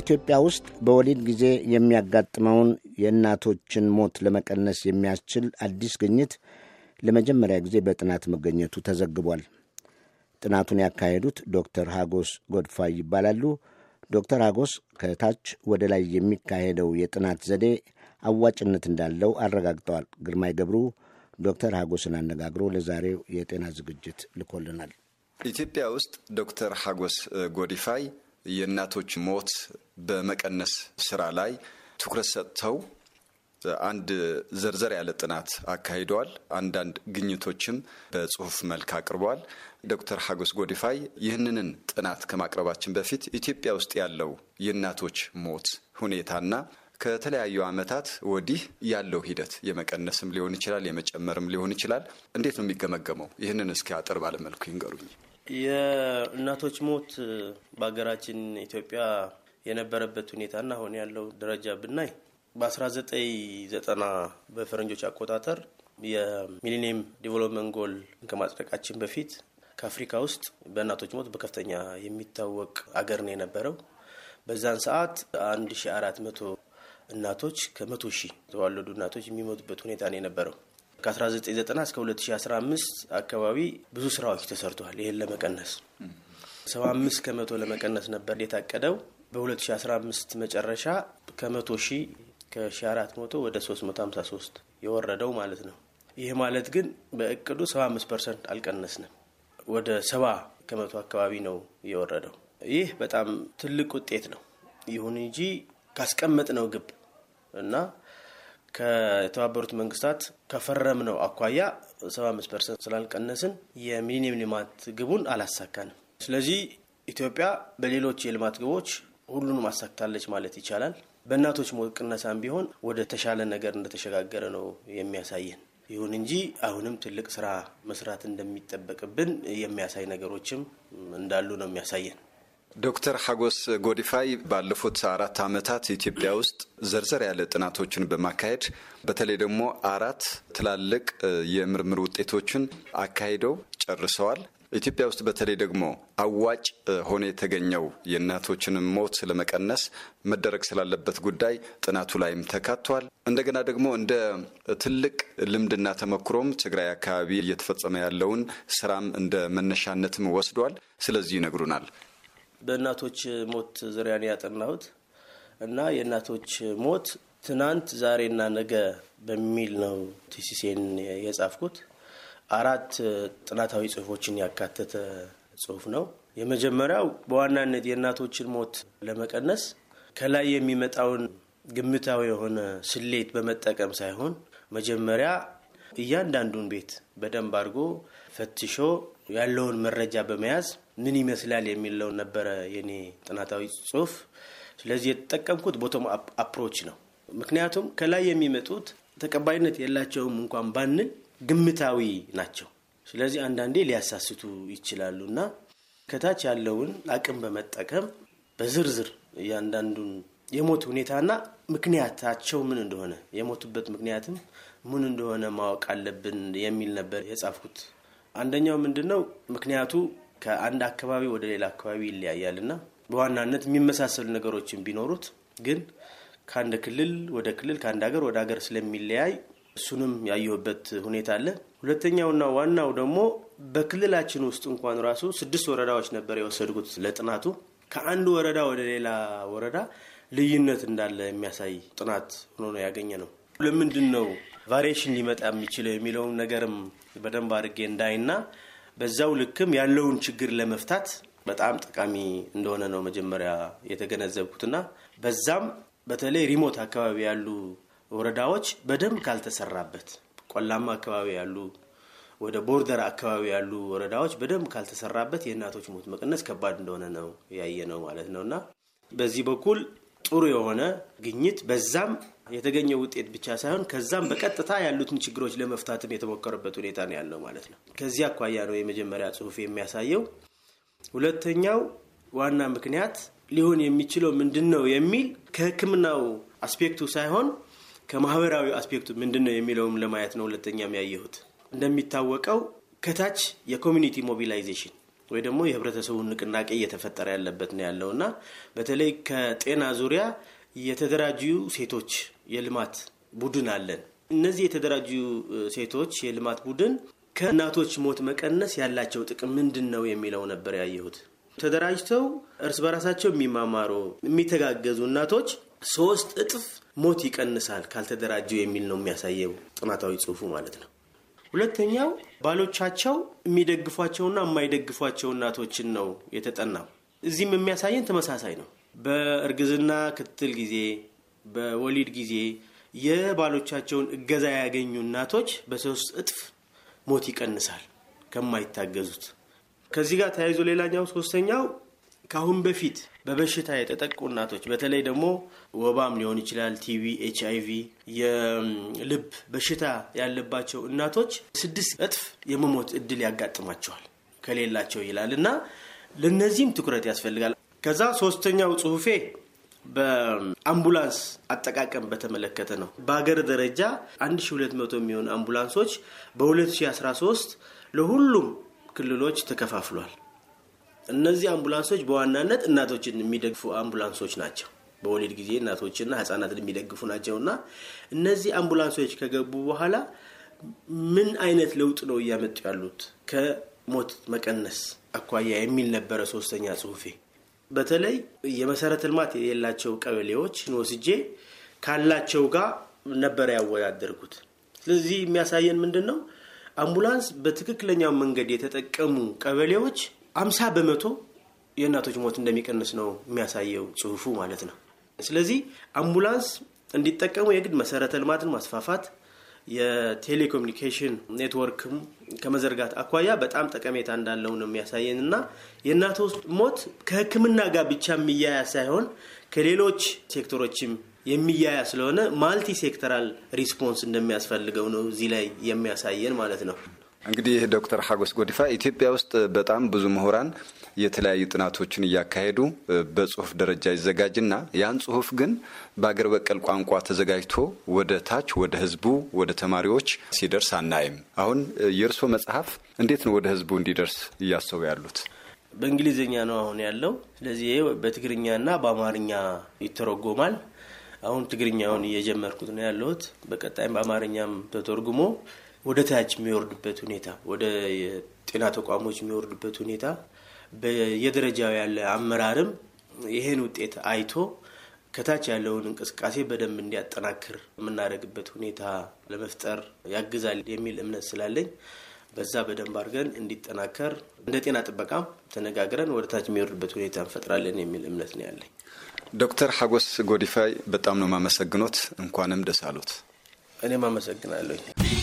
ኢትዮጵያ ውስጥ በወሊድ ጊዜ የሚያጋጥመውን የእናቶችን ሞት ለመቀነስ የሚያስችል አዲስ ግኝት ለመጀመሪያ ጊዜ በጥናት መገኘቱ ተዘግቧል። ጥናቱን ያካሄዱት ዶክተር ሀጎስ ጎድፋይ ይባላሉ። ዶክተር ሀጎስ ከታች ወደ ላይ የሚካሄደው የጥናት ዘዴ አዋጭነት እንዳለው አረጋግጠዋል። ግርማይ ገብሩ ዶክተር ሀጎስን አነጋግሮ ለዛሬው የጤና ዝግጅት ልኮልናል። ኢትዮጵያ ውስጥ ዶክተር ሀጎስ ጎዲፋይ የእናቶች ሞት በመቀነስ ስራ ላይ ትኩረት ሰጥተው አንድ ዘርዘር ያለ ጥናት አካሂደዋል። አንዳንድ ግኝቶችም በጽሁፍ መልክ አቅርበዋል። ዶክተር ሀጎስ ጎዲፋይ ይህንን ጥናት ከማቅረባችን በፊት ኢትዮጵያ ውስጥ ያለው የእናቶች ሞት ሁኔታና ከተለያዩ ዓመታት ወዲህ ያለው ሂደት የመቀነስም ሊሆን ይችላል፣ የመጨመርም ሊሆን ይችላል። እንዴት ነው የሚገመገመው? ይህንን እስኪ አጠር ባለመልኩ ይንገሩኝ። የእናቶች ሞት በሀገራችን ኢትዮጵያ የነበረበት ሁኔታና አሁን ያለው ደረጃ ብናይ በ1990 በፈረንጆች አቆጣጠር የሚሊኒየም ዲቨሎፕመንት ጎል ከማጽደቃችን በፊት ከአፍሪካ ውስጥ በእናቶች ሞት በከፍተኛ የሚታወቅ አገር ነው የነበረው። በዛን ሰዓት 1400 እናቶች ከመቶ ሺህ የተዋለዱ እናቶች የሚሞቱበት ሁኔታ ነው የነበረው። ከ1990 እስከ 2015 አካባቢ ብዙ ስራዎች ተሰርተዋል። ይህን ለመቀነስ 75 ከመቶ ለመቀነስ ነበር የታቀደው። በ2015 መጨረሻ ከመቶ ሺህ ከ1400 ወደ 353 የወረደው ማለት ነው። ይህ ማለት ግን በእቅዱ 75 ፐርሰንት አልቀነስንም። ወደ ሰባ ከመቶ አካባቢ ነው የወረደው። ይህ በጣም ትልቅ ውጤት ነው። ይሁን እንጂ ካስቀመጥ ነው ግብ እና ከተባበሩት መንግስታት ከፈረም ነው አኳያ 75 ፐርሰንት ስላልቀነስን የሚሊኒየም ልማት ግቡን አላሳካንም። ስለዚህ ኢትዮጵያ በሌሎች የልማት ግቦች ሁሉንም አሳክታለች ማለት ይቻላል። በእናቶች ሞት ቅነሳም ቢሆን ወደ ተሻለ ነገር እንደተሸጋገረ ነው የሚያሳየን። ይሁን እንጂ አሁንም ትልቅ ስራ መስራት እንደሚጠበቅብን የሚያሳይ ነገሮችም እንዳሉ ነው የሚያሳየን። ዶክተር ሐጎስ ጎዲፋይ ባለፉት አራት ዓመታት ኢትዮጵያ ውስጥ ዘርዘር ያለ ጥናቶችን በማካሄድ በተለይ ደግሞ አራት ትላልቅ የምርምር ውጤቶችን አካሂደው ጨርሰዋል። ኢትዮጵያ ውስጥ በተለይ ደግሞ አዋጭ ሆነ የተገኘው የእናቶችንም ሞት ለመቀነስ መደረግ ስላለበት ጉዳይ ጥናቱ ላይም ተካቷል። እንደገና ደግሞ እንደ ትልቅ ልምድና ተመክሮም ትግራይ አካባቢ እየተፈጸመ ያለውን ስራም እንደ መነሻነትም ወስዷል። ስለዚህ ይነግሩናል። በእናቶች ሞት ዙሪያ ነው ያጠናሁት እና የእናቶች ሞት ትናንት ዛሬና ነገ በሚል ነው ቲሲሴን የጻፍኩት። አራት ጥናታዊ ጽሁፎችን ያካተተ ጽሁፍ ነው። የመጀመሪያው በዋናነት የእናቶችን ሞት ለመቀነስ ከላይ የሚመጣውን ግምታዊ የሆነ ስሌት በመጠቀም ሳይሆን መጀመሪያ እያንዳንዱን ቤት በደንብ አድርጎ ፈትሾ ያለውን መረጃ በመያዝ ምን ይመስላል የሚለው ነበረ የኔ ጥናታዊ ጽሁፍ። ስለዚህ የተጠቀምኩት ቦቶም አፕሮች ነው። ምክንያቱም ከላይ የሚመጡት ተቀባይነት የላቸውም እንኳን ባንል ግምታዊ ናቸው። ስለዚህ አንዳንዴ ሊያሳስቱ ይችላሉ እና ከታች ያለውን አቅም በመጠቀም በዝርዝር እያንዳንዱን የሞት ሁኔታና ምክንያታቸው ምን እንደሆነ የሞቱበት ምክንያትም ምን እንደሆነ ማወቅ አለብን የሚል ነበር የጻፍኩት። አንደኛው ምንድን ነው ምክንያቱ ከአንድ አካባቢ ወደ ሌላ አካባቢ ይለያያል በዋናነት የሚመሳሰሉ ነገሮችን ቢኖሩት ግን ከአንድ ክልል ወደ ክልል ከአንድ ሀገር ወደ ሀገር ስለሚለያይ እሱንም ያየሁበት ሁኔታ አለ። ሁለተኛውና ዋናው ደግሞ በክልላችን ውስጥ እንኳን ራሱ ስድስት ወረዳዎች ነበር የወሰድኩት ለጥናቱ። ከአንድ ወረዳ ወደ ሌላ ወረዳ ልዩነት እንዳለ የሚያሳይ ጥናት ሆኖ ነው ያገኘ ነው። ለምንድን ነው ቫሪሽን ሊመጣ የሚችለው የሚለውም ነገርም በደንብ አድርጌ እንዳይና በዛው ልክም ያለውን ችግር ለመፍታት በጣም ጠቃሚ እንደሆነ ነው መጀመሪያ የተገነዘብኩትና በዛም በተለይ ሪሞት አካባቢ ያሉ ወረዳዎች በደንብ ካልተሰራበት ቆላማ አካባቢ ያሉ ወደ ቦርደር አካባቢ ያሉ ወረዳዎች በደንብ ካልተሰራበት የእናቶች ሞት መቀነስ ከባድ እንደሆነ ነው ያየ ነው ማለት ነው እና በዚህ በኩል ጥሩ የሆነ ግኝት በዛም የተገኘው ውጤት ብቻ ሳይሆን ከዛም በቀጥታ ያሉትን ችግሮች ለመፍታትም የተሞከረበት ሁኔታ ነው ያለው ማለት ነው። ከዚህ አኳያ ነው የመጀመሪያ ጽሁፍ የሚያሳየው። ሁለተኛው ዋና ምክንያት ሊሆን የሚችለው ምንድን ነው የሚል ከህክምናው አስፔክቱ ሳይሆን ከማህበራዊ አስፔክቱ ምንድን ነው የሚለውም ለማየት ነው። ሁለተኛም ያየሁት እንደሚታወቀው ከታች የኮሚኒቲ ሞቢላይዜሽን ወይ ደግሞ የህብረተሰቡን ንቅናቄ እየተፈጠረ ያለበት ነው ያለውና በተለይ ከጤና ዙሪያ የተደራጁ ሴቶች የልማት ቡድን አለን። እነዚህ የተደራጁ ሴቶች የልማት ቡድን ከእናቶች ሞት መቀነስ ያላቸው ጥቅም ምንድን ነው የሚለው ነበር ያየሁት። ተደራጅተው እርስ በራሳቸው የሚማማሩ የሚተጋገዙ እናቶች ሶስት እጥፍ ሞት ይቀንሳል ካልተደራጁ የሚል ነው የሚያሳየው ጥናታዊ ጽሁፉ ማለት ነው። ሁለተኛው ባሎቻቸው የሚደግፏቸውና የማይደግፏቸው እናቶችን ነው የተጠናው። እዚህም የሚያሳየን ተመሳሳይ ነው። በእርግዝና ክትትል ጊዜ በወሊድ ጊዜ የባሎቻቸውን እገዛ ያገኙ እናቶች በሶስት እጥፍ ሞት ይቀንሳል ከማይታገዙት። ከዚህ ጋር ተያይዞ ሌላኛው ሶስተኛው ከአሁን በፊት በበሽታ የተጠቁ እናቶች በተለይ ደግሞ ወባም ሊሆን ይችላል፣ ቲቪ፣ ኤች አይቪ፣ የልብ በሽታ ያለባቸው እናቶች ስድስት እጥፍ የመሞት እድል ያጋጥማቸዋል ከሌላቸው ይላል እና ለእነዚህም ትኩረት ያስፈልጋል። ከዛ ሶስተኛው ጽሁፌ በአምቡላንስ አጠቃቀም በተመለከተ ነው። በሀገር ደረጃ 1200 የሚሆኑ አምቡላንሶች በ2013 ለሁሉም ክልሎች ተከፋፍሏል። እነዚህ አምቡላንሶች በዋናነት እናቶችን የሚደግፉ አምቡላንሶች ናቸው። በወሊድ ጊዜ እናቶችና ህጻናትን የሚደግፉ ናቸውና እነዚህ አምቡላንሶች ከገቡ በኋላ ምን አይነት ለውጥ ነው እያመጡ ያሉት ከሞት መቀነስ አኳያ የሚል ነበረ ሶስተኛ ጽሁፌ። በተለይ የመሰረተ ልማት የሌላቸው ቀበሌዎችን ወስጄ ካላቸው ጋር ነበረ ያወዳደርኩት። ስለዚህ የሚያሳየን ምንድን ነው? አምቡላንስ በትክክለኛው መንገድ የተጠቀሙ ቀበሌዎች አምሳ በመቶ የእናቶች ሞት እንደሚቀንስ ነው የሚያሳየው ጽሁፉ ማለት ነው። ስለዚህ አምቡላንስ እንዲጠቀሙ የግድ መሰረተ ልማትን ማስፋፋት የቴሌኮሙኒኬሽን ኔትወርክም ከመዘርጋት አኳያ በጣም ጠቀሜታ እንዳለው ነው የሚያሳየን እና ውስጥ ሞት ከህክምና ጋር ብቻ የሚያያ ሳይሆን ከሌሎች ሴክተሮችም የሚያያ ስለሆነ ማልቲ ሴክተራል ሪስፖንስ እንደሚያስፈልገው ነው እዚህ ላይ የሚያሳየን ማለት ነው። እንግዲህ ዶክተር ሀጎስ ጎዲፋ ኢትዮጵያ ውስጥ በጣም ብዙ ምሁራን የተለያዩ ጥናቶችን እያካሄዱ በጽሁፍ ደረጃ ይዘጋጅና ያን ጽሁፍ ግን በአገር በቀል ቋንቋ ተዘጋጅቶ ወደ ታች ወደ ህዝቡ ወደ ተማሪዎች ሲደርስ አናይም። አሁን የእርስዎ መጽሐፍ እንዴት ነው ወደ ህዝቡ እንዲደርስ እያሰቡ ያሉት? በእንግሊዝኛ ነው አሁን ያለው። ስለዚህ በትግርኛና በአማርኛ ይተረጎማል። አሁን ትግርኛውን እየጀመርኩት ነው ያለሁት። በቀጣይም በአማርኛም ተተርጉሞ ወደ ታች የሚወርድበት ሁኔታ ወደ ጤና ተቋሞች የሚወርድበት ሁኔታ በየደረጃው ያለ አመራርም ይሄን ውጤት አይቶ ከታች ያለውን እንቅስቃሴ በደንብ እንዲያጠናክር የምናደርግበት ሁኔታ ለመፍጠር ያግዛል የሚል እምነት ስላለኝ በዛ በደንብ አድርገን እንዲጠናከር እንደ ጤና ጥበቃም ተነጋግረን ወደ ታች የሚወርድበት ሁኔታ እንፈጥራለን የሚል እምነት ነው ያለኝ። ዶክተር ሀጎስ ጎዲፋይ በጣም ነው ማመሰግኖት። እንኳንም ደስ እኔም አመሰግናለሁ።